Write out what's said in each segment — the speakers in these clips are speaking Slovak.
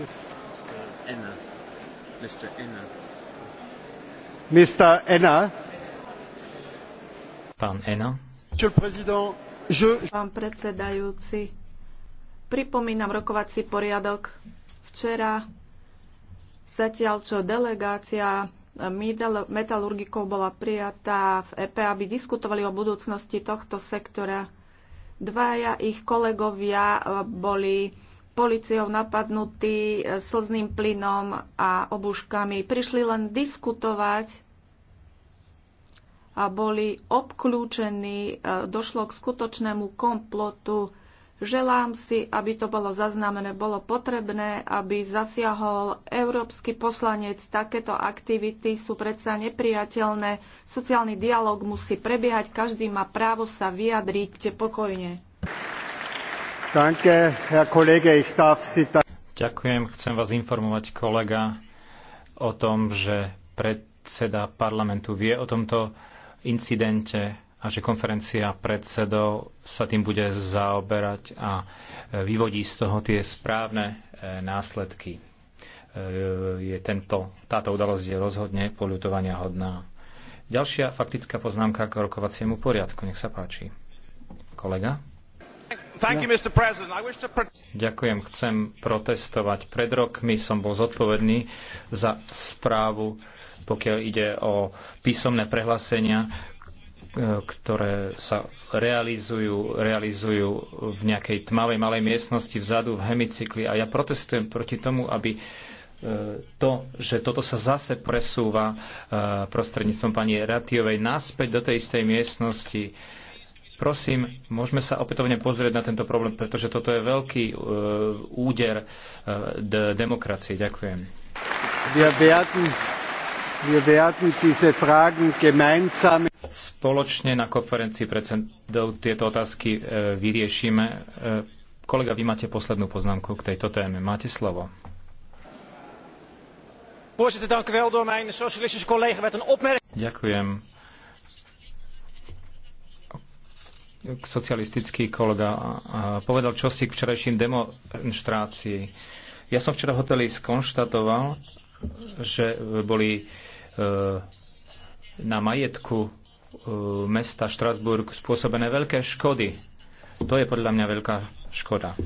this? Enna. Mr. Enna. Mr. Enna. Pán Enna. je... Pán predsedajúci, pripomínam rokovací poriadok. Včera, zatiaľ čo delegácia metalurgikov bola prijatá v EP, aby diskutovali o budúcnosti tohto sektora. Dvaja ich kolegovia boli policiou napadnutí e, slzným plynom a obuškami. Prišli len diskutovať a boli obklúčení. E, došlo k skutočnému komplotu. Želám si, aby to bolo zaznamené. Bolo potrebné, aby zasiahol európsky poslanec. Takéto aktivity sú predsa nepriateľné. Sociálny dialog musí prebiehať. Každý má právo sa vyjadriť pokojne. Ďakujem, chcem vás informovať, kolega, o tom, že predseda parlamentu vie o tomto incidente a že konferencia predsedov sa tým bude zaoberať a e, vyvodí z toho tie správne e, následky. E, je tento, táto udalosť je rozhodne poľutovania hodná. Ďalšia faktická poznámka k rokovaciemu poriadku. Nech sa páči. Kolega? Ďakujem. Chcem protestovať. Pred rokmi som bol zodpovedný za správu, pokiaľ ide o písomné prehlásenia, e, ktoré sa realizujú, realizujú v nejakej tmavej malej miestnosti vzadu v hemicykli. A ja protestujem proti tomu, aby e, to, že toto sa zase presúva e, prostredníctvom pani Ratiovej naspäť do tej istej miestnosti Prosím, môžeme sa opätovne pozrieť na tento problém, pretože toto je veľký uh, úder uh, e, de, demokracie. Ďakujem. Wir werden, diese Fragen gemeinsam spoločne na konferencii predsedov tieto otázky e, vyriešime. Kolega, vy máte poslednú poznámku k tejto téme. Máte slovo. Ďakujem. socialistický kolega povedal čosi k včerajším demonstrácii. Ja som včera v hoteli skonštatoval, že boli e, na majetku e, mesta Štrasburg spôsobené veľké škody. To je podľa mňa veľká škoda.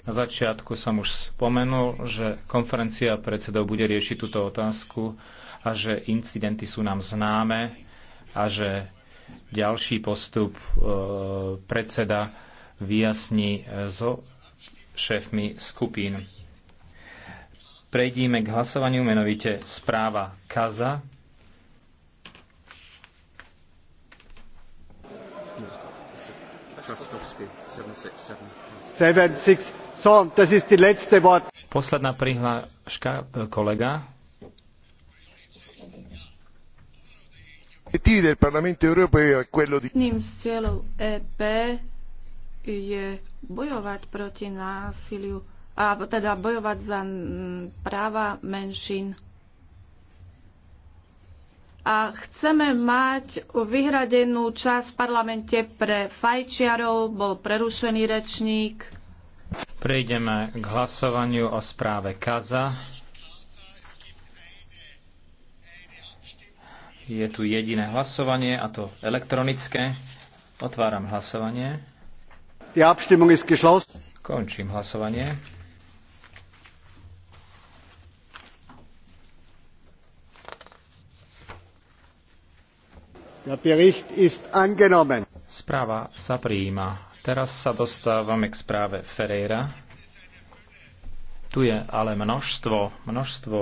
Na začiatku som už spomenul, že konferencia predsedov bude riešiť túto otázku a že incidenty sú nám známe a že ďalší postup e, predseda vyjasní e, so šéfmi skupín. Prejdíme k hlasovaniu, menovite správa Kaza. Posledná prihláška e, kolega. E di... Jedným z cieľov EP je bojovať proti násiliu, a teda bojovať za práva menšín. A chceme mať vyhradenú čas v parlamente pre fajčiarov, bol prerušený rečník. Prejdeme k hlasovaniu o správe Kaza. Je tu jediné hlasovanie, a to elektronické. Otváram hlasovanie. Die Abstimmung ist geschlossen. Končím hlasovanie. Der Bericht ist angenommen. Správa sa prijíma. Teraz sa dostávame k správe Ferreira. Tu je ale množstvo, množstvo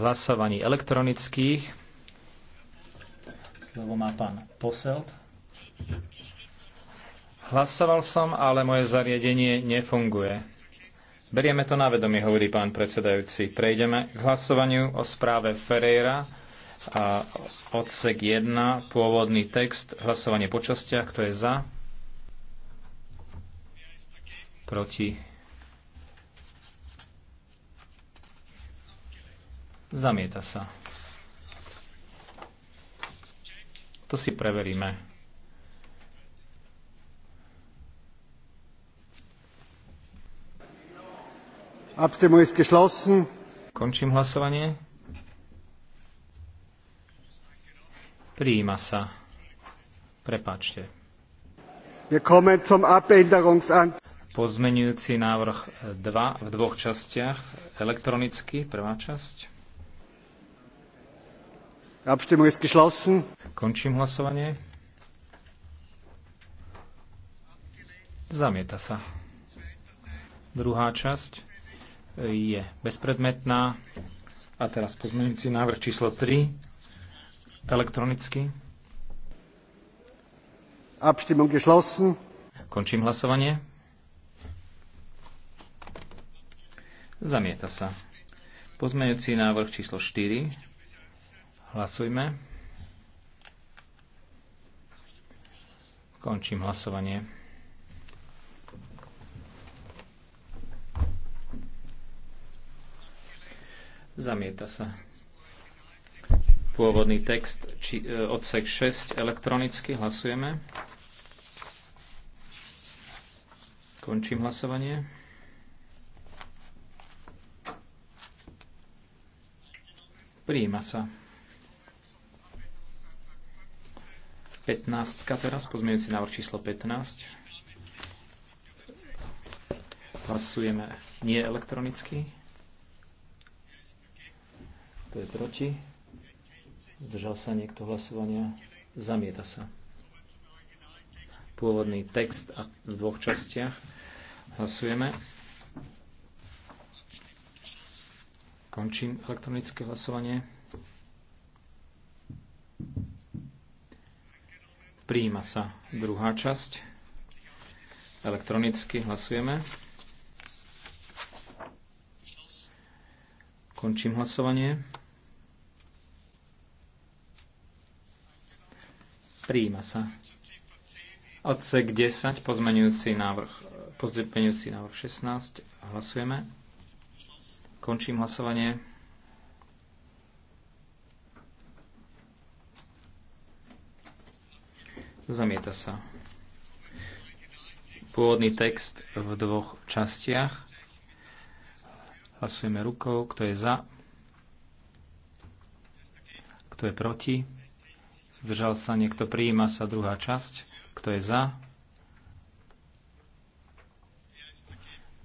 hlasovaní elektronických. Slovo má pán Poselt. Hlasoval som, ale moje zariadenie nefunguje. Berieme to na vedomie, hovorí pán predsedajúci. Prejdeme k hlasovaniu o správe Ferreira a odsek 1, pôvodný text, hlasovanie po častiach, kto je za, proti Zamieta sa. To si preveríme. Abstimmung ist geschlossen. Končím hlasovanie. Prijíma sa. Prepáčte. Wir kommen zum Abänderungsantrag pozmenujúci návrh 2 v dvoch častiach. Elektronicky, prvá časť. Abstimmung ist geschlossen. Končím hlasovanie. Zamieta sa. Druhá časť je bezpredmetná. A teraz pozmeňujúci návrh číslo 3 elektronicky. Abstimmung geschlossen. Končím hlasovanie. Zamieta sa. Pozmeňujúci návrh číslo 4 Hlasujme. Končím hlasovanie. Zamieta sa. Pôvodný text či, e, odsek 6 elektronicky. Hlasujeme. Končím hlasovanie. Príjima sa. 15 teraz, pozmeňujúci návrh číslo 15. Hlasujeme nie elektronicky. Kto je proti? Zdržal sa niekto hlasovania? Zamieta sa. Pôvodný text a v dvoch častiach. Hlasujeme. Končím elektronické hlasovanie. Príjima sa druhá časť. Elektronicky hlasujeme. Končím hlasovanie. Príjima sa. Odsek 10, pozmenujúci návrh, pozmenujúci návrh 16. Hlasujeme. Končím hlasovanie. Zamieta sa. Pôvodný text v dvoch častiach. Hlasujeme rukou, kto je za, kto je proti. Zdržal sa niekto, prijíma sa druhá časť. Kto je za?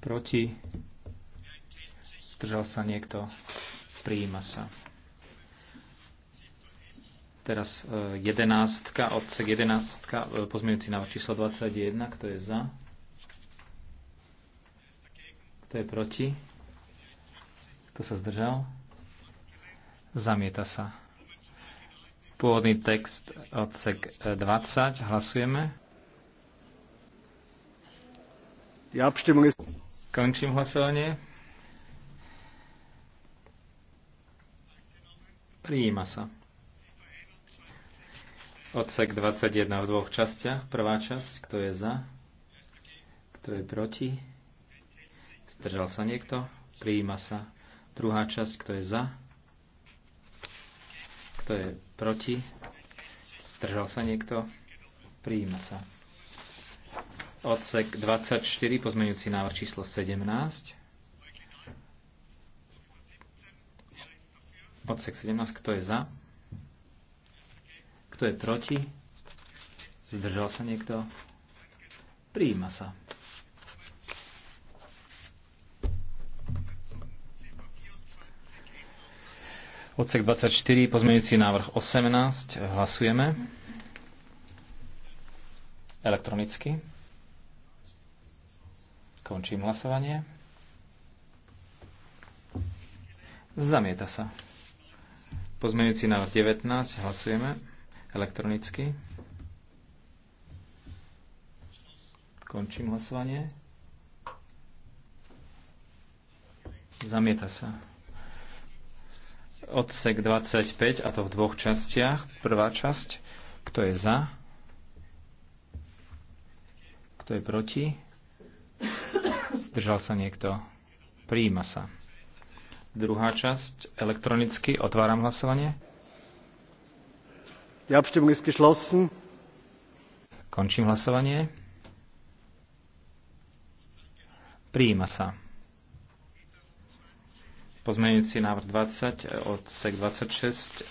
Proti? Zdržal sa niekto, prijíma sa. Teraz e, jedenáctka odsek jedenáctka, e, pozmeňujúci návrh číslo 21, kto je za? Kto je proti? Kto sa zdržal? Zamieta sa. Pôvodný text odsek 20, e, hlasujeme. Končím hlasovanie. Prijíma sa. Odsek 21 v dvoch častiach. Prvá časť, kto je za, kto je proti. Zdržal sa niekto? Prijíma sa. Druhá časť, kto je za, kto je proti. Zdržal sa niekto? Prijíma sa. Odsek 24, pozmeňujúci návrh číslo 17. Odsek 17, kto je za? Kto je proti? Zdržal sa niekto? Prijíma sa. Odsek 24, pozmeňujúci návrh 18. Hlasujeme. Elektronicky. Končím hlasovanie. Zamieta sa. Pozmeňujúci návrh 19. Hlasujeme elektronicky. Končím hlasovanie. Zamieta sa. Odsek 25, a to v dvoch častiach. Prvá časť, kto je za, kto je proti, zdržal sa niekto, prijíma sa. Druhá časť, elektronicky, otváram hlasovanie. Die Abstimmung ist geschlossen. Končím hlasovanie. Prijíma sa. Pozmeňujúci návrh 20, e, odsek 26,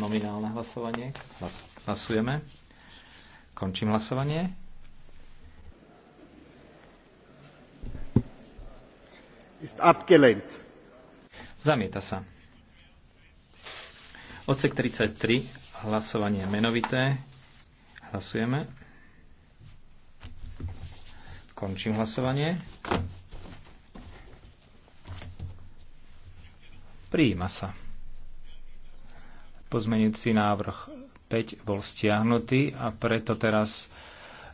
nominálne hlasovanie. hlasujeme. Končím hlasovanie. Ist abgelehnt. Zamieta sa. Odsek 33, Hlasovanie menovité. Hlasujeme. Končím hlasovanie. Prijíma sa. Pozmenujúci návrh 5 bol stiahnutý a preto teraz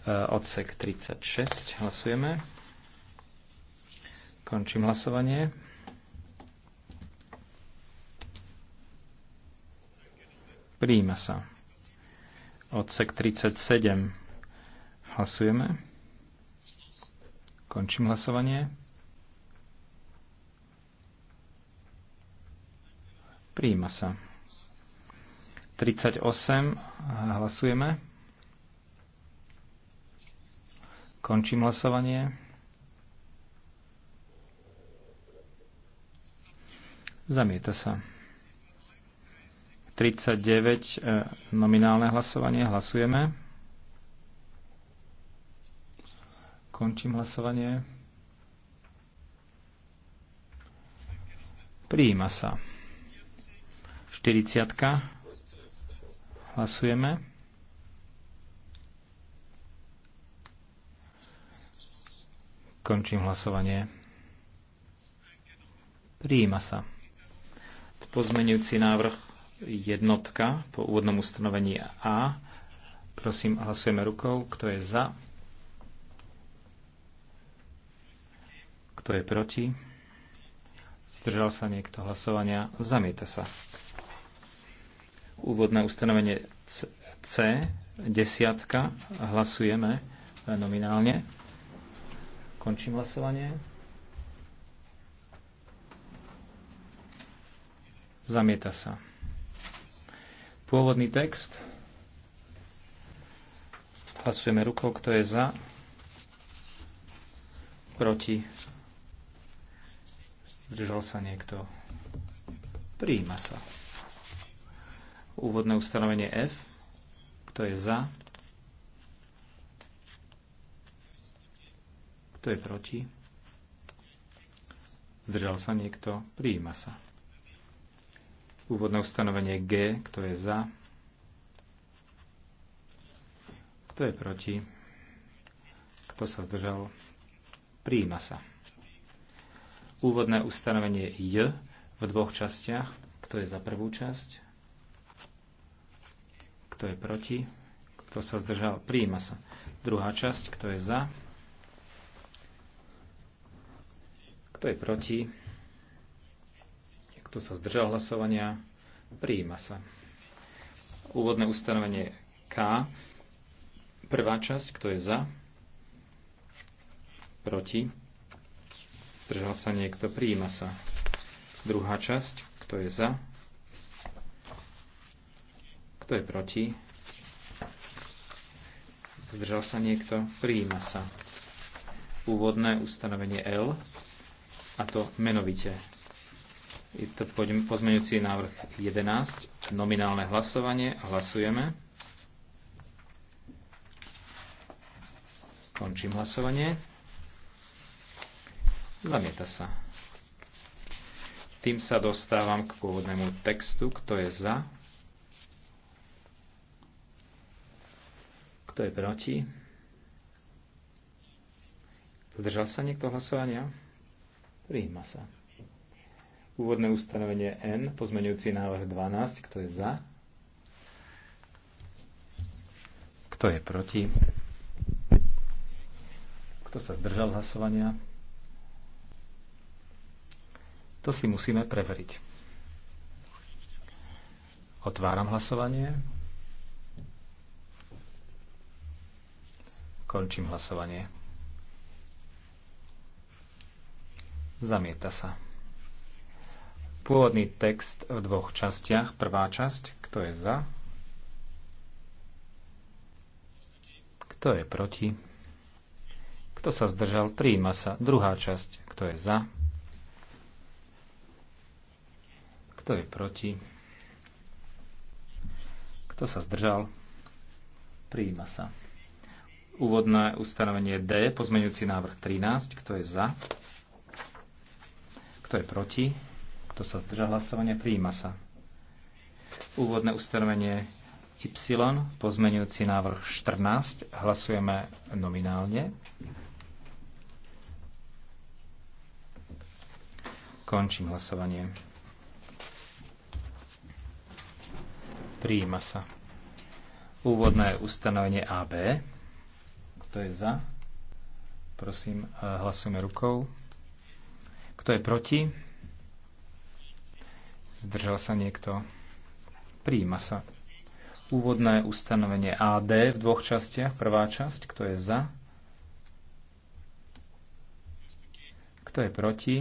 e, odsek 36. Hlasujeme. Končím hlasovanie. Príjima sa. Odsek 37. Hlasujeme. Končím hlasovanie. Príjima sa. 38. Hlasujeme. Končím hlasovanie. Zamieta sa. 39 e, nominálne hlasovanie. Hlasujeme. Končím hlasovanie. Prijíma sa. 40. Hlasujeme. Končím hlasovanie. Prijíma sa. Pozmenujúci návrh jednotka po úvodnom ustanovení A. Prosím, hlasujeme rukou. Kto je za? Kto je proti? Zdržal sa niekto hlasovania? Zamieta sa. Úvodné ustanovenie C, C desiatka. Hlasujeme e, nominálne. Končím hlasovanie. Zamieta sa. Pôvodný text. Hlasujeme rukou, kto je za. Proti. Zdržal sa niekto. Prijíma sa. Úvodné ustanovenie F. Kto je za? Kto je proti? Zdržal sa niekto? Prijíma sa. Úvodné ustanovenie G, kto je za? Kto je proti? Kto sa zdržal? prijíma sa. Úvodné ustanovenie J v dvoch častiach. Kto je za prvú časť? Kto je proti? Kto sa zdržal? prijíma sa. Druhá časť. Kto je za? Kto je proti? Kto sa zdržal hlasovania? Prijíma sa. Úvodné ustanovenie K. Prvá časť, kto je za? Proti? Zdržal sa niekto? Prijíma sa. Druhá časť, kto je za? Kto je proti? Zdržal sa niekto? Prijíma sa. Úvodné ustanovenie L, a to menovite. Je to pozmeňujúci návrh 11, nominálne hlasovanie. Hlasujeme. Končím hlasovanie. Zamieta sa. Tým sa dostávam k pôvodnému textu. Kto je za? Kto je proti? Zdržal sa niekto hlasovania? Príjma sa. Úvodné ustanovenie N, pozmeňujúci návrh 12, kto je za? Kto je proti? Kto sa zdržal hlasovania? To si musíme preveriť. Otváram hlasovanie. Končím hlasovanie. Zamieta sa. Pôvodný text v dvoch častiach. Prvá časť, kto je za? Kto je proti? Kto sa zdržal? Prijíma sa. Druhá časť, kto je za? Kto je proti? Kto sa zdržal? Prijíma sa. Úvodné ustanovenie D, pozmeňujúci návrh 13, kto je za? Kto je proti? Kto sa zdržal hlasovania, prijíma sa. Úvodné ustanovenie Y, pozmenujúci návrh 14. Hlasujeme nominálne. Končím hlasovanie. Prijíma sa. Úvodné ustanovenie AB. Kto je za? Prosím, eh, hlasujeme rukou. Kto je proti? Zdržal sa niekto? Príjima sa. Úvodné ustanovenie AD v dvoch častiach. Prvá časť, kto je za? Kto je proti?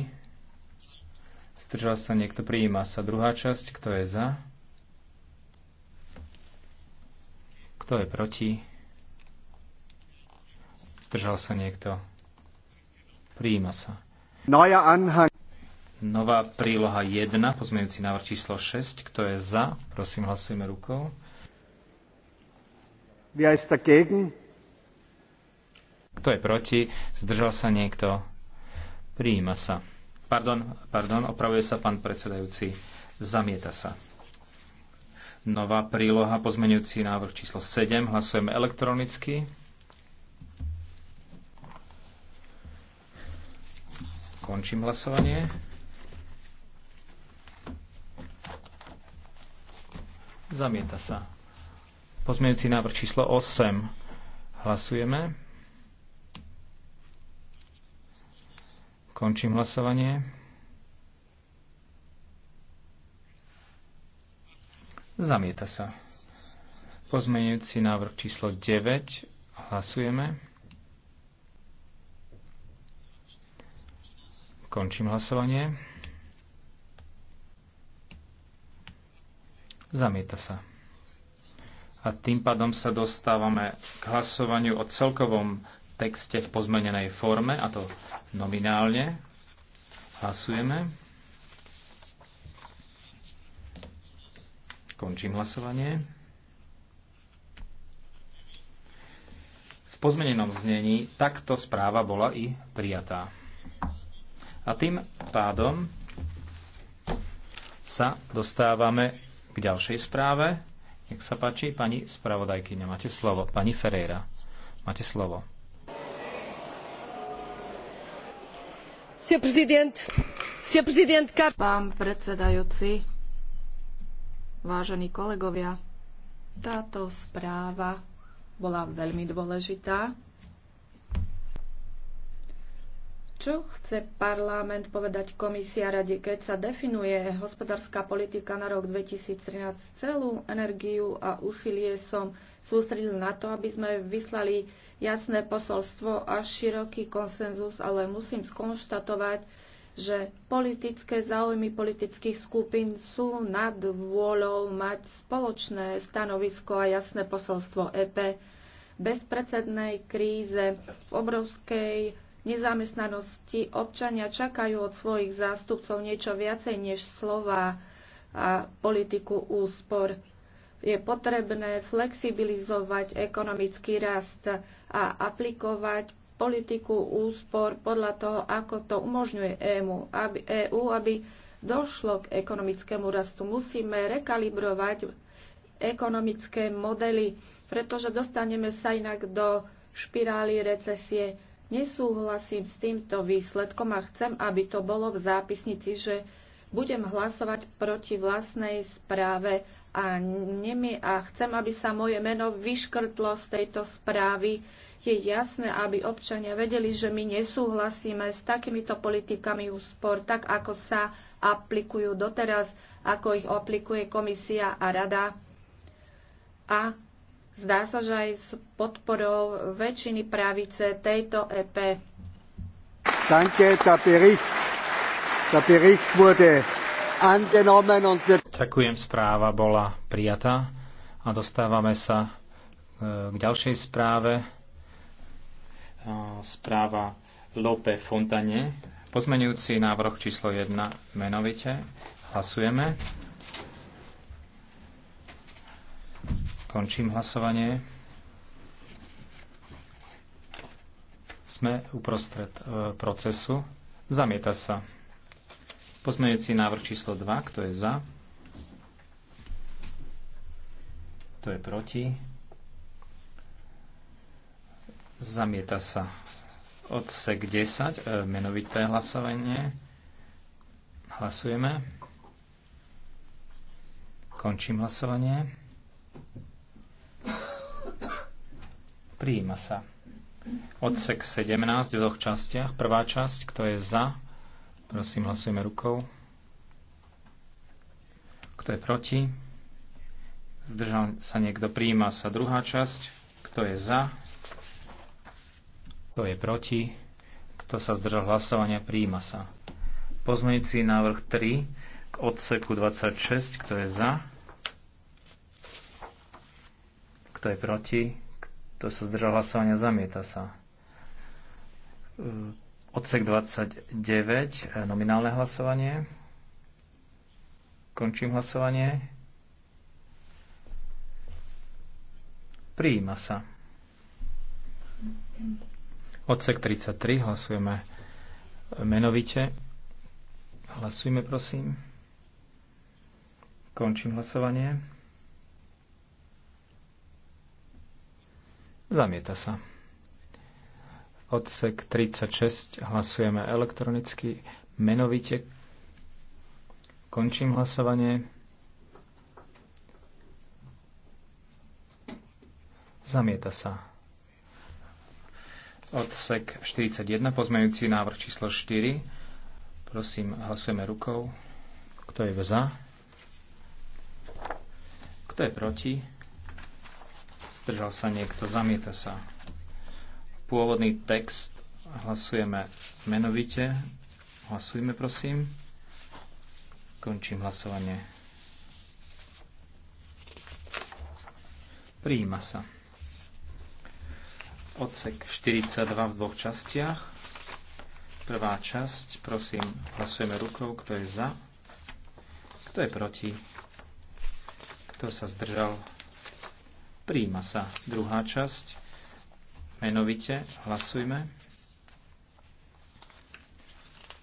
Zdržal sa niekto? Príjima sa. Druhá časť, kto je za? Kto je proti? Zdržal sa niekto? Príjima sa. Neuer Anhang. Nová príloha 1, pozmeňujúci návrh číslo 6. Kto je za? Prosím, hlasujeme rukou. Wer ist dagegen? Kto je proti? Zdržal sa niekto? Prijíma sa. Pardon, pardon, opravuje sa pán predsedajúci. Zamieta sa. Nová príloha, pozmeňujúci návrh číslo 7. Hlasujeme elektronicky. Končím hlasovanie. Zamieta sa. Pozmeňujúci návrh číslo 8. Hlasujeme. Končím hlasovanie. Zamieta sa. Pozmeňujúci návrh číslo 9. Hlasujeme. Končím hlasovanie. Zamieta sa. A tým pádom sa dostávame k hlasovaniu o celkovom texte v pozmenenej forme, a to nominálne. Hlasujeme. Končím hlasovanie. V pozmenenom znení takto správa bola i prijatá. A tým pádom sa dostávame k ďalšej správe. Nech sa páči, pani spravodajkyňa, máte slovo. Pani Ferreira, máte slovo. Pán predsedajúci, vážení kolegovia, táto správa bola veľmi dôležitá čo chce parlament povedať komisia rade, keď sa definuje hospodárska politika na rok 2013? Celú energiu a úsilie som sústredil na to, aby sme vyslali jasné posolstvo a široký konsenzus, ale musím skonštatovať, že politické záujmy politických skupín sú nad vôľou mať spoločné stanovisko a jasné posolstvo EP bezprecednej kríze, v obrovskej nezamestnanosti občania čakajú od svojich zástupcov niečo viacej než slova a politiku úspor. Je potrebné flexibilizovať ekonomický rast a aplikovať politiku úspor podľa toho, ako to umožňuje EU, aby, EU, aby došlo k ekonomickému rastu. Musíme rekalibrovať ekonomické modely, pretože dostaneme sa inak do špirály recesie. Nesúhlasím s týmto výsledkom a chcem, aby to bolo v zápisnici, že budem hlasovať proti vlastnej správe a, nemi, a chcem, aby sa moje meno vyškrtlo z tejto správy. Je jasné, aby občania vedeli, že my nesúhlasíme s takýmito politikami úspor, tak ako sa aplikujú doteraz, ako ich aplikuje komisia a rada a Zdá sa, že aj s podporou väčšiny pravice tejto EP. Danke, der Bericht. Der Bericht wurde angenommen und Ďakujem, správa bola prijatá a dostávame sa e, k ďalšej správe. Správa Lope Fontane. Pozmenujúci návrh číslo 1 menovite. Hlasujeme. Končím hlasovanie. Sme uprostred e, procesu. Zamieta sa. Pozmeňujúci návrh číslo 2. Kto je za? Kto je proti? Zamieta sa. Odsek 10. E, menovité hlasovanie. Hlasujeme. Končím hlasovanie. Prijíma sa. Odsek 17 v dvoch častiach. Prvá časť, kto je za, prosím, hlasujeme rukou. Kto je proti? Zdržal sa niekto, prijíma sa druhá časť. Kto je za? Kto je proti? Kto sa zdržal hlasovania, prijíma sa. Pozmeňujúci návrh 3 k odseku 26. Kto je za? Kto je proti? Kto sa zdržal hlasovania, zamieta sa. E, odsek 29, e, nominálne hlasovanie. Končím hlasovanie. Prijíma sa. Odsek 33, hlasujeme menovite. Hlasujme, prosím. Končím hlasovanie. Zamieta sa. Odsek 36 hlasujeme elektronicky, menovite. Končím hlasovanie. Zamieta sa. Odsek 41, pozmeňujúci návrh číslo 4. Prosím, hlasujeme rukou. Kto je za? Kto je proti? zdržal sa niekto, zamieta sa. Pôvodný text hlasujeme menovite. Hlasujme, prosím. Končím hlasovanie. Prijíma sa. Odsek 42 v dvoch častiach. Prvá časť, prosím, hlasujeme rukou, kto je za, kto je proti, kto sa zdržal, Príjma sa druhá časť. Menovite hlasujme.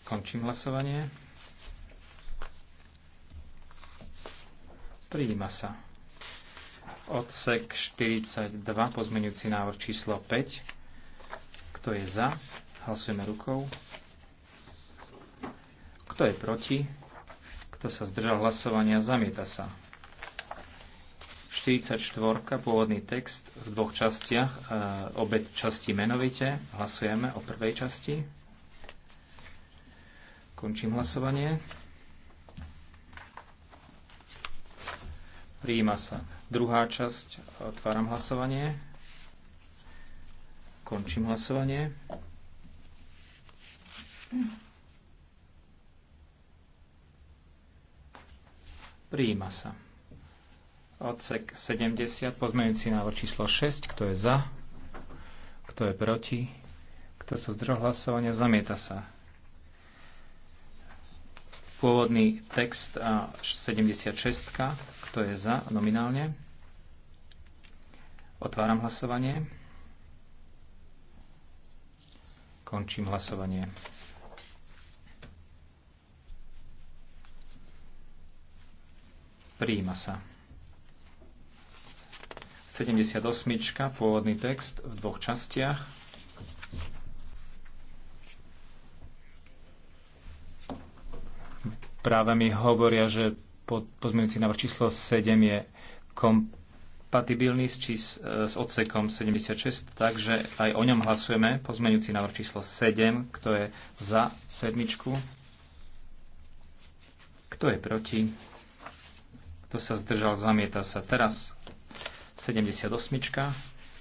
Končím hlasovanie. Príjma sa. Odsek 42, pozmeňujúci návrh číslo 5. Kto je za? Hlasujeme rukou. Kto je proti? Kto sa zdržal hlasovania? Zamieta sa. 44, pôvodný text v dvoch častiach, e, obe časti menovite. Hlasujeme o prvej časti. Končím hlasovanie. Prijíma sa druhá časť. Otváram hlasovanie. Končím hlasovanie. Prijíma sa. Odsek 70, pozmeňujúci návrh číslo 6. Kto je za? Kto je proti? Kto sa zdržal hlasovania? Zamieta sa. Pôvodný text 76. Kto je za nominálne? Otváram hlasovanie. Končím hlasovanie. Prijíma sa. 78. pôvodný text v dvoch častiach. Práve mi hovoria, že pod, pozmeňujúci návrh číslo 7 je kompatibilný s, čís, s odsekom 76, takže aj o ňom hlasujeme. Pozmeňujúci návrh číslo 7, kto je za sedmičku, kto je proti, kto sa zdržal, zamieta sa. Teraz 78.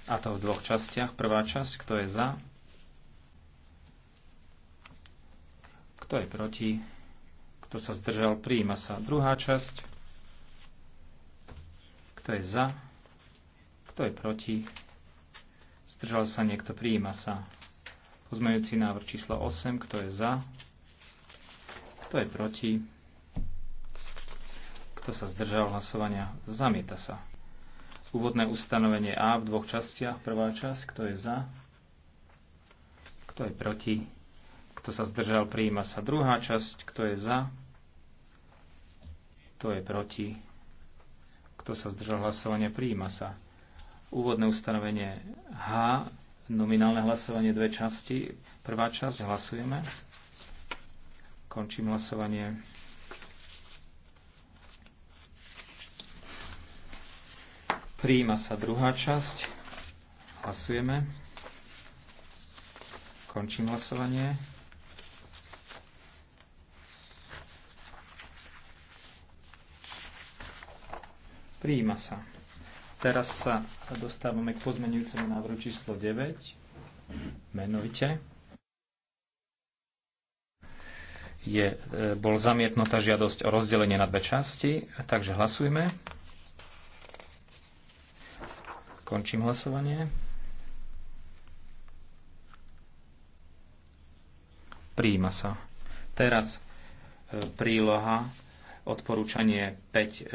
A to v dvoch častiach. Prvá časť, kto je za, kto je proti, kto sa zdržal, prijíma sa. Druhá časť, kto je za, kto je proti, zdržal sa niekto, prijíma sa. Pozmejúci návrh číslo 8, kto je za, kto je proti, kto sa zdržal hlasovania, zamieta sa. Úvodné ustanovenie A v dvoch častiach. Prvá časť, kto je za, kto je proti, kto sa zdržal, prijíma sa. Druhá časť, kto je za, kto je proti, kto sa zdržal hlasovania, prijíma sa. Úvodné ustanovenie H, nominálne hlasovanie dve časti. Prvá časť, hlasujeme. Končím hlasovanie. Príjima sa druhá časť. Hlasujeme. Končím hlasovanie. Príjima sa. Teraz sa dostávame k pozmenujúcemu návrhu číslo 9. Menovite. Je, e, bol zamietnutá žiadosť o rozdelenie na dve časti, takže hlasujme. Končím hlasovanie. Príjima sa. Teraz e, príloha odporúčanie 5.2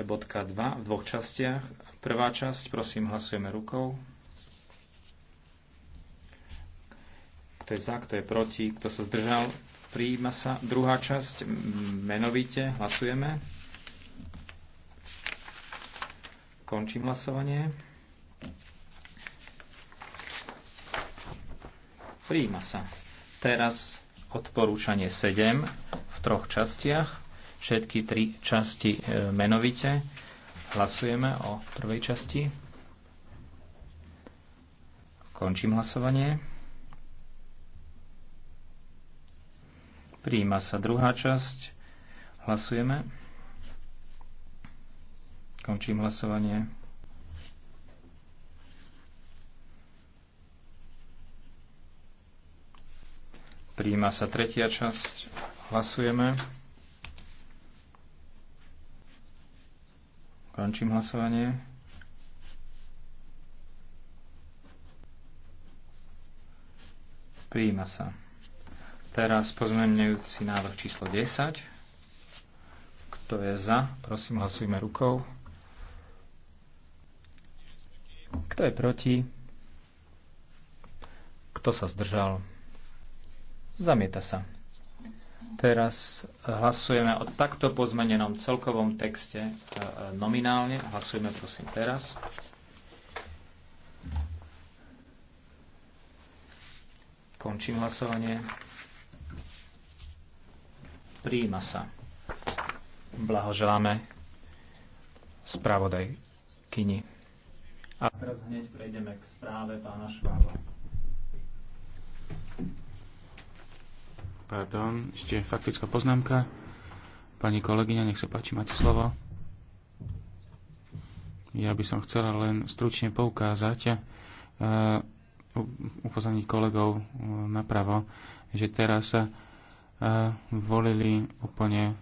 v dvoch častiach. Prvá časť, prosím, hlasujeme rukou. Kto je za, kto je proti, kto sa zdržal, príjima sa. Druhá časť, menovite, hlasujeme. Končím hlasovanie. Príjima sa. Teraz odporúčanie 7 v troch častiach. Všetky tri časti e, menovite. Hlasujeme o prvej časti. Končím hlasovanie. Príjima sa druhá časť. Hlasujeme. Končím hlasovanie. Príjima sa tretia časť. Hlasujeme. Končím hlasovanie. Príjima sa. Teraz pozmenujúci návrh číslo 10. Kto je za? Prosím, hlasujme rukou. Kto je proti? Kto sa zdržal? Zamieta sa. Teraz hlasujeme o takto pozmenenom celkovom texte e, nominálne. Hlasujeme prosím teraz. Končím hlasovanie. Príjima sa. Blahoželáme spravodaj Kini. A teraz hneď prejdeme k správe pána Švába. Pardon, ešte faktická poznámka. Pani kolegyňa, nech sa páči, máte slovo. Ja by som chcela len stručne poukázať, a e, upozorniť kolegov e, napravo, že teraz sa e, volili úplne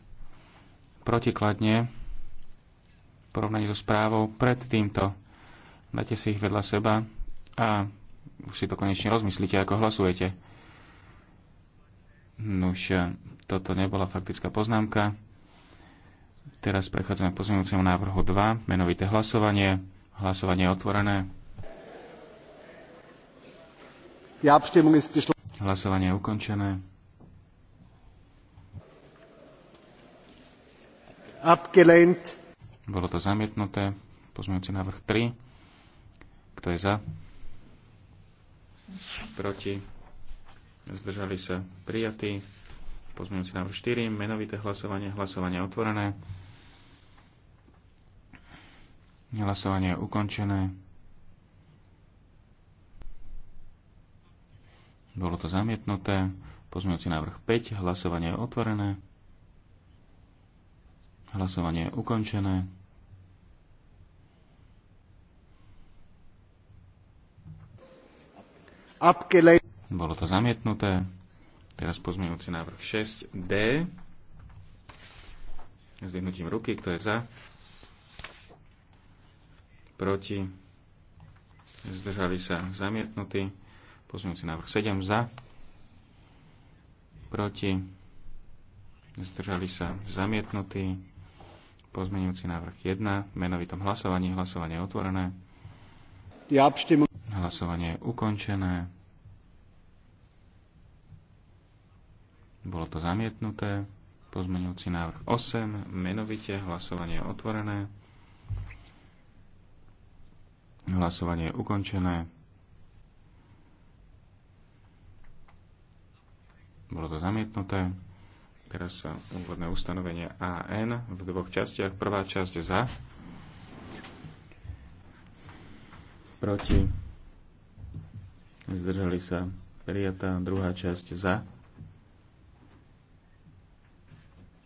protikladne v porovnaní so správou pred týmto. Dajte si ich vedľa seba a už si to konečne rozmyslíte, ako hlasujete. Nuž, no eh, toto nebola faktická poznámka. Teraz prechádzame k pozmeňujúcemu návrhu 2, menovité hlasovanie. Hlasovanie je otvorené. Hlasovanie je ukončené. Abgelehnt. Bolo to zamietnuté. Pozmeňujúci návrh 3. Kto je za? Proti? zdržali sa prijatí. Pozmeňujúci návrh 4, menovité hlasovanie, hlasovanie otvorené. Hlasovanie je ukončené. Bolo to zamietnuté. Pozmeňujúci návrh 5, hlasovanie je otvorené. Hlasovanie je ukončené. Abgelejte. Bolo to zamietnuté. Teraz pozmeňujúci návrh 6D. Zdvihnutím ruky, kto je za. Proti. Zdržali sa zamietnutí. Pozmeňujúci návrh 7 za. Proti. Zdržali sa zamietnutí. Pozmeňujúci návrh 1. Menovitom hlasovaní. Hlasovanie je otvorené. Hlasovanie je ukončené. Bolo to zamietnuté. Pozmeňujúci návrh 8. Menovite hlasovanie je otvorené. Hlasovanie je ukončené. Bolo to zamietnuté. Teraz sa úvodné ustanovenie AN v dvoch častiach. Prvá časť za, proti, zdržali sa, prijatá. Druhá časť za,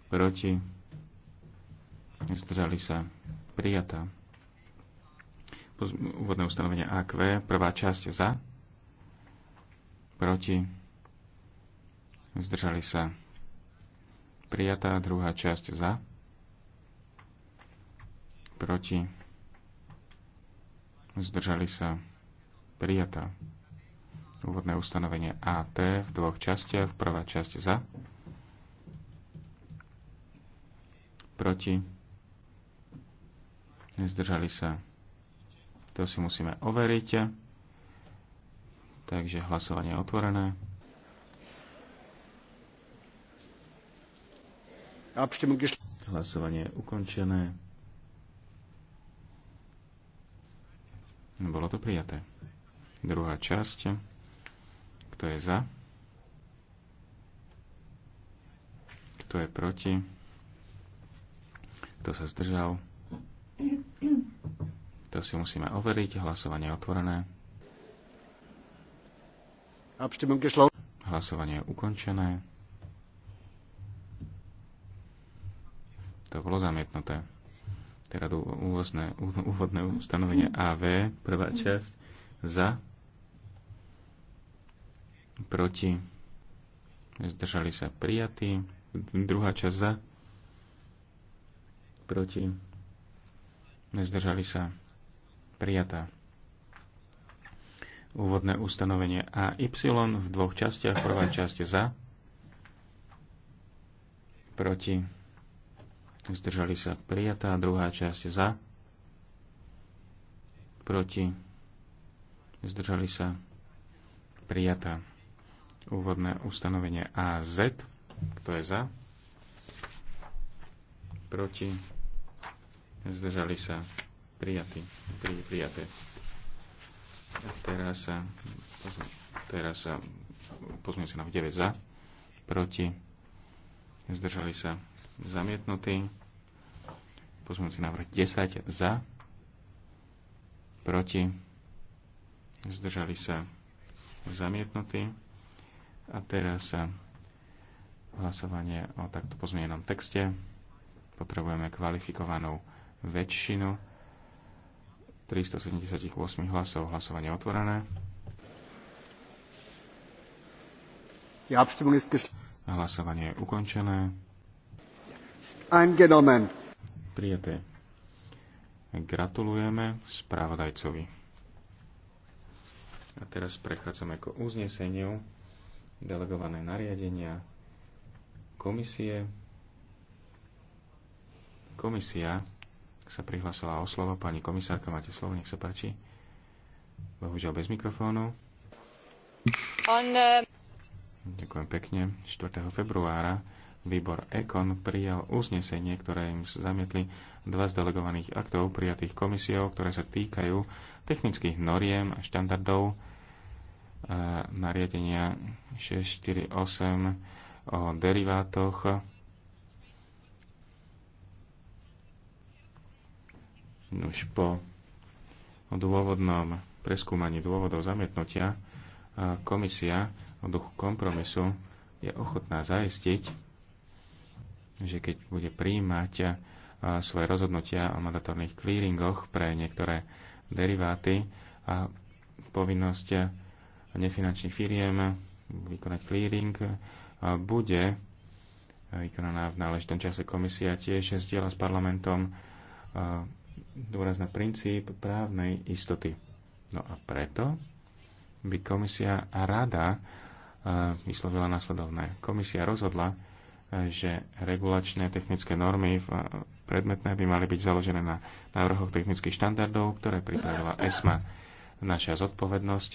proti, zdržali sa, prijatá. Úvodné ustanovenie AQ, prvá časť za, proti, zdržali sa, prijatá, druhá časť za, proti, zdržali sa, prijatá úvodné ustanovenie AT v dvoch častiach. Prvá časť za, proti, zdržali sa. To si musíme overiť. Takže hlasovanie je otvorené. Hlasovanie je ukončené. Bolo to prijaté. Druhá časť. Kto je za? Kto je proti? kto sa zdržal. To si musíme overiť. Hlasovanie je otvorené. Hlasovanie je ukončené. To bolo zamietnuté. Teda úvodné, úvodné ustanovenie AV, prvá časť, za, proti, zdržali sa prijatí, druhá časť za, proti, zdržali sa, prijatá. Úvodné ustanovenie A, Y v dvoch častiach. Prvá časť za, proti, zdržali sa, prijatá. Druhá časť za, proti, zdržali sa, prijatá. Úvodné ustanovenie A, Z, kto je za, proti, zdržali sa prijatí, pri, prijaté. A teraz sa, teraz sa si na 9 za, proti, zdržali sa zamietnutí, si návrh 10 za, proti, zdržali sa zamietnutí. A teraz sa hlasovanie o takto pozmienenom texte. Potrebujeme kvalifikovanú väčšinu 378 hlasov. Hlasovanie otvorené. Hlasovanie je ukončené. Prijaté. Gratulujeme spravodajcovi. A teraz prechádzame k uzneseniu delegované nariadenia komisie. Komisia sa prihlásila o slovo. Pani komisárka, máte slovo, nech sa páči. Bohužiaľ bez mikrofónu. On, uh... Ďakujem pekne. 4. februára výbor EKON prijal uznesenie, ktoré im zamietli dva z delegovaných aktov prijatých komisiou, ktoré sa týkajú technických noriem a štandardov e, nariadenia 648 o derivátoch Už po dôvodnom preskúmaní dôvodov zamietnutia komisia o duchu kompromisu je ochotná zaistiť, že keď bude príjmať svoje rozhodnutia o mandatórnych clearingoch pre niektoré deriváty a povinnosť nefinančných firiem vykonať clearing bude vykonaná v náležitom čase komisia tiež zdieľa s parlamentom dôraz na princíp právnej istoty. No a preto by komisia a rada e, vyslovila nasledovné. Komisia rozhodla, e, že regulačné technické normy v e, predmetné by mali byť založené na návrhoch technických štandardov, ktoré pripravila ESMA. Naša zodpovednosť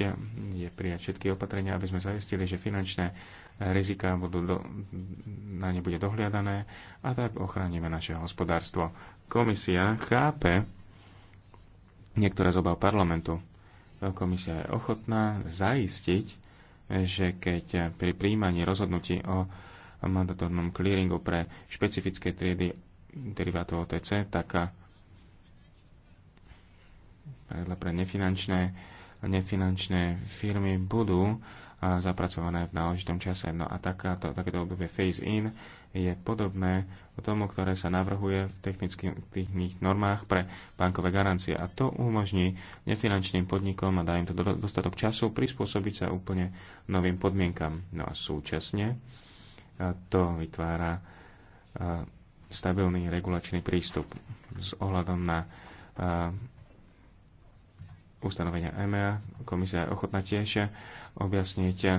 je prijať všetky opatrenia, aby sme zaistili, že finančné rizika budú do, na ne bude dohliadané a tak ochránime naše hospodárstvo. Komisia chápe niektoré z obav parlamentu. Komisia je ochotná zaistiť, že keď pri príjmaní rozhodnutí o mandatórnom clearingu pre špecifické triedy derivátov OTC, tak pre, pre nefinančné, nefinančné firmy budú zapracované v náležitom čase. No a takáto, takéto obdobie phase-in je podobné tomu, ktoré sa navrhuje v technických normách pre bankové garancie. A to umožní nefinančným podnikom a dá im to dostatok času prispôsobiť sa úplne novým podmienkam. No a súčasne to vytvára stabilný regulačný prístup s ohľadom na ustanovenia EMEA. Komisia je ochotná tiež objasniť e,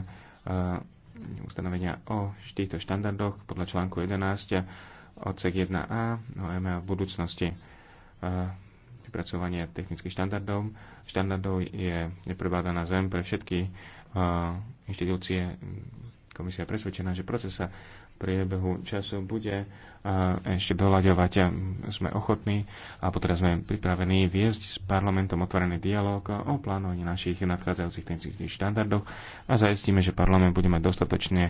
ustanovenia o týchto štandardoch podľa článku 11 odsek 1a o EMEA v budúcnosti. E, vypracovanie technických štandardov. Štandardov je, je prebádaná zem pre všetky e, inštitúcie. Komisia je presvedčená, že proces sa priebehu času bude ešte doľaďovať a sme ochotní a potom sme pripravení viesť s parlamentom otvorený dialog o plánovaní našich nadchádzajúcich technických štandardov a zaistíme, že parlament bude mať dostatočne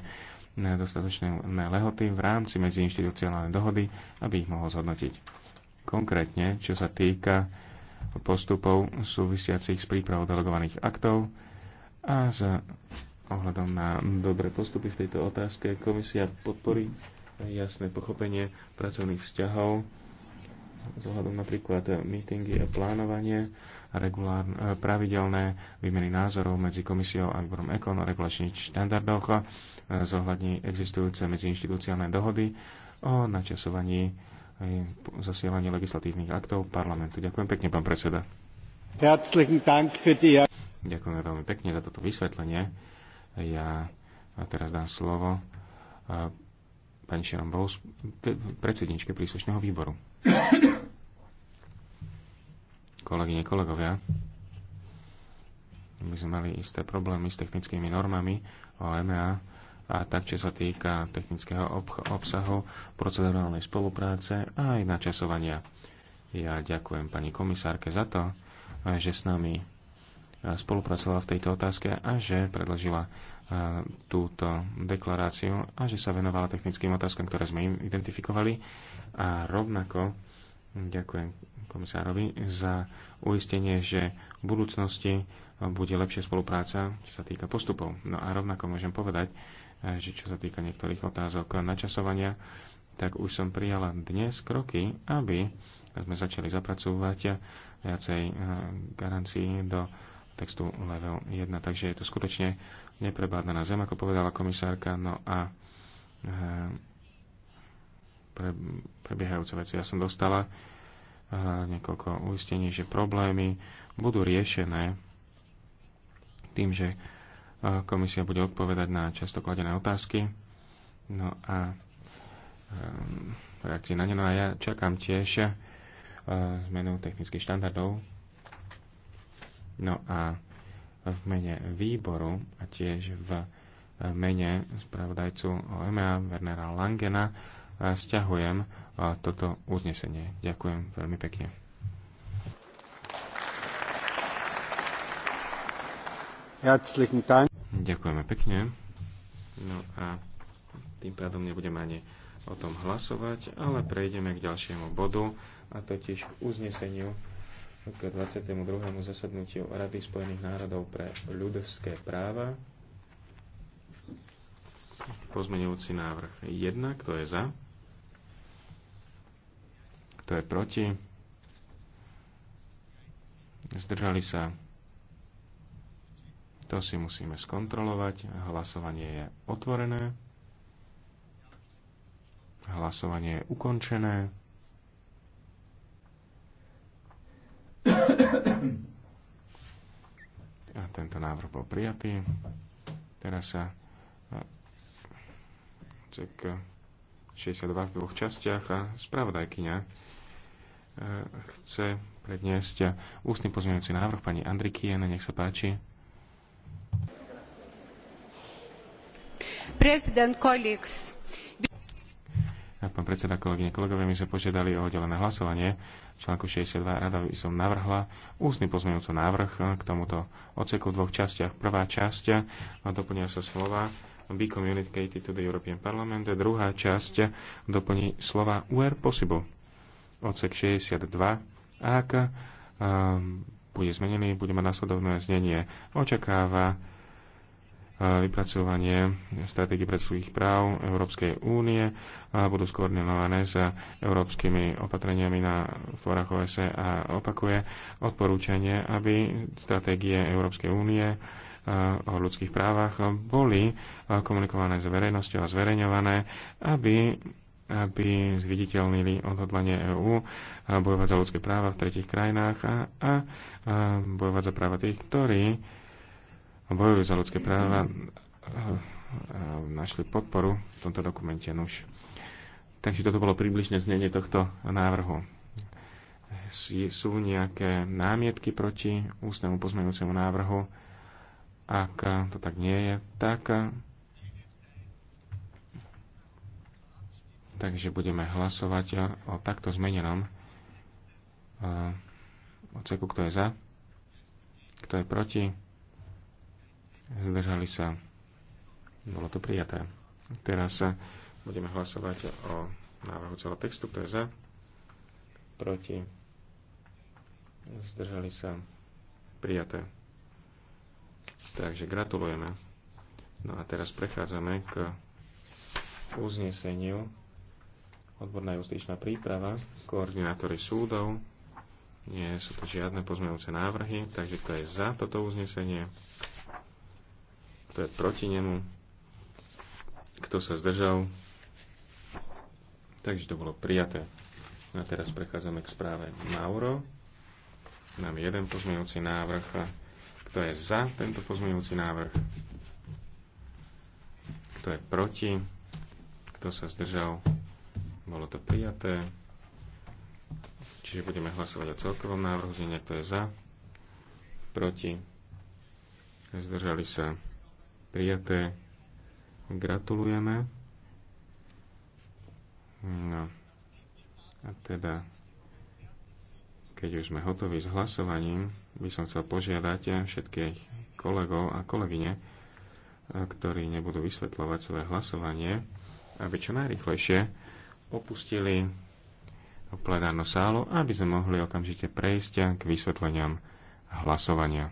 dostatočné lehoty v rámci medziinštitucionálnej dohody, aby ich mohol zhodnotiť. Konkrétne, čo sa týka postupov súvisiacich s prípravou delegovaných aktov a s ohľadom na dobré postupy v tejto otázke. Komisia podporí jasné pochopenie pracovných vzťahov z ohľadom napríklad mítingy a plánovanie, regulár, e, pravidelné výmeny názorov medzi komisiou a výborom Ekon o regulačných štandardoch, e, zohľadní existujúce medziinstitúciálne dohody o načasovaní e, zasielaní legislatívnych aktov parlamentu. Ďakujem pekne, pán predseda. Ďakujeme veľmi pekne za toto vysvetlenie. Ja teraz dám slovo pani Sharon Bowles, predsedničke príslušného výboru. Kolegyne, kolegovia, my sme mali isté problémy s technickými normami o MEA a tak, čo sa týka technického obsahu, procedurálnej spolupráce a aj načasovania. Ja ďakujem pani komisárke za to, že s nami spolupracovala v tejto otázke a že predložila e, túto deklaráciu a že sa venovala technickým otázkam, ktoré sme im identifikovali. A rovnako ďakujem komisárovi za uistenie, že v budúcnosti bude lepšia spolupráca, čo sa týka postupov. No a rovnako môžem povedať, e, že čo sa týka niektorých otázok načasovania, tak už som prijala dnes kroky, aby sme začali zapracovať viacej e, garancií do textu level 1. Takže je to skutočne neprebádaná zem, ako povedala komisárka. No a eh, pre, prebiehajúce veci. Ja som dostala eh, niekoľko uistení, že problémy budú riešené tým, že eh, komisia bude odpovedať na často kladené otázky. No a reakcie na ne. No a ja čakám tiež zmenu technických štandardov No a v mene výboru a tiež v eh, mene spravodajcu OMA Wernera Langena eh, sťahujem eh, toto uznesenie. Ďakujem veľmi pekne. Ďakujeme pekne. No a tým pádom nebudeme ani o tom hlasovať, ale prejdeme k ďalšiemu bodu, a totiž k uzneseniu k 22. zasadnutiu Rady Spojených národov pre ľudské práva. Pozmenujúci návrh 1, kto je za? Kto je proti? Zdržali sa? To si musíme skontrolovať. Hlasovanie je otvorené. Hlasovanie je ukončené. A tento návrh bol prijatý. Teraz sa ček 62 v dvoch častiach a spravodajkyňa e, chce predniesť ústny pozmeňujúci návrh pani Andriky. Nech sa páči. President, colleagues. Pán predseda, kolegyne, kolegovia, my sme požiadali o oddelené hlasovanie článku 62 rada by som navrhla ústny pozmeňujúci návrh k tomuto odseku v dvoch častiach. Prvá časť doplňa sa slova be communicated to the European Parliament. Druhá časť doplní slova where possible. Odsek 62. Ak um, bude zmenený, bude mať nasledovné znenie. Očakáva vypracovanie stratégie predsudných práv Európskej únie a budú skoordinované s európskymi opatreniami na fórach OSE a opakuje odporúčanie, aby stratégie Európskej únie o ľudských právach boli komunikované s verejnosťou a zverejňované, aby aby zviditeľnili odhodlanie EÚ bojovať za ľudské práva v tretich krajinách a, a, a bojovať za práva tých, ktorí bojujú za ľudské práva, našli podporu v tomto dokumente už. Takže toto bolo približne znenie tohto návrhu. Sú nejaké námietky proti ústnemu pozmeňujúcemu návrhu? Ak to tak nie je, tak takže budeme hlasovať o takto zmenenom odseku, kto je za, kto je proti, zdržali sa. Bolo to prijaté. Teraz budeme hlasovať o návrhu celého textu, kto je za, proti, zdržali sa, prijaté. Takže gratulujeme. No a teraz prechádzame k uzneseniu odborná justičná príprava, koordinátory súdov, nie sú tu žiadne pozmeňujúce návrhy, takže to je za toto uznesenie, kto je proti nemu? Kto sa zdržal? Takže to bolo prijaté. A teraz prechádzame k správe Mauro. Mám jeden pozmeňujúci návrh. Kto je za tento pozmeňujúci návrh? Kto je proti? Kto sa zdržal? Bolo to prijaté. Čiže budeme hlasovať o celkovom návrhu, že niekto je za, proti, zdržali sa prijaté. Gratulujeme. No. A teda, keď už sme hotoví s hlasovaním, by som chcel požiadať všetkých kolegov a kolegyne, ktorí nebudú vysvetľovať svoje hlasovanie, aby čo najrychlejšie opustili plenárnu sálu, aby sme mohli okamžite prejsť k vysvetleniam hlasovania.